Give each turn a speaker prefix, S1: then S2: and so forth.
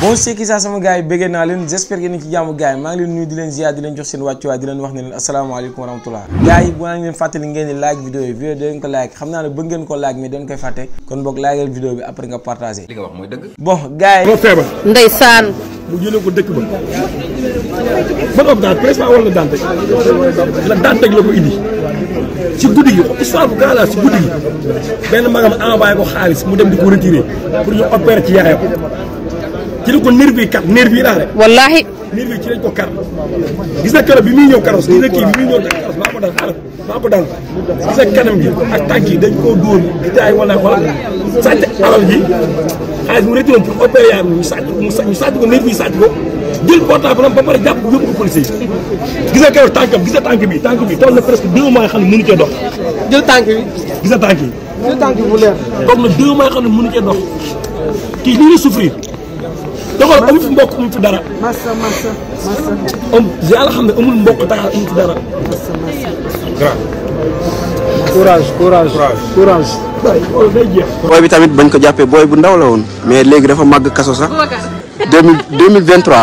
S1: bon c'est qui ça sama gars yi bëggee naa leen j'espère que ni ci jàmm gars yi maa ngi leen nuyu di leen ziar di leen jox seen wàccuwaay di leen wax ne leen asalaamaaleykum wa rahmatullah gars yi bu naa leen fàttali ngeen di like vidéo yi vidéo dañ ko like xam naa ne bëgg ngeen ko like mais dañ koy fàtte kon boog laajal vidéo bi après nga partagé li nga yi feebar ndeysaan
S2: ko dëkk ba ban hôpital principal wala Dantec la Dantec la ko indi ci guddi gi histoire bu gaalaa ci guddi gi benn magam envoyé ko ci la ko nervi kar nervi yi daal rek.
S1: wallaahi. nervi yi ci lañ ko kar
S2: gis na bi muy ñëw karos gis na kii bi muy ñëw karos ko daan gi ak tànk yi dañ koo dóor jaay wala wala sàcc alal ji xaalis mu retourné pour opéré yaay mu sàcc mu ko nervi yi sàcc ko jël portable am ba pare jàpp yóbbu ko policier yi gis na keroog tànkam gis na bi tànk bi toll na presque deux mois xam ne mënu cee dox. jël tànk bi gis na tànk yi. jël tànk mu leer. na deux mois xam ne cee dox kii lii la souffrir doxal amu fi mbokk amu fi dara. massa massa massa. am yàlla amul mbokk taxal amu fi dara. massa massa. courage courage courage. waaw day
S1: bi tamit bañ ko jàppee booy bu ndaw la woon mais léegi dafa màgg kaso sax. 2023.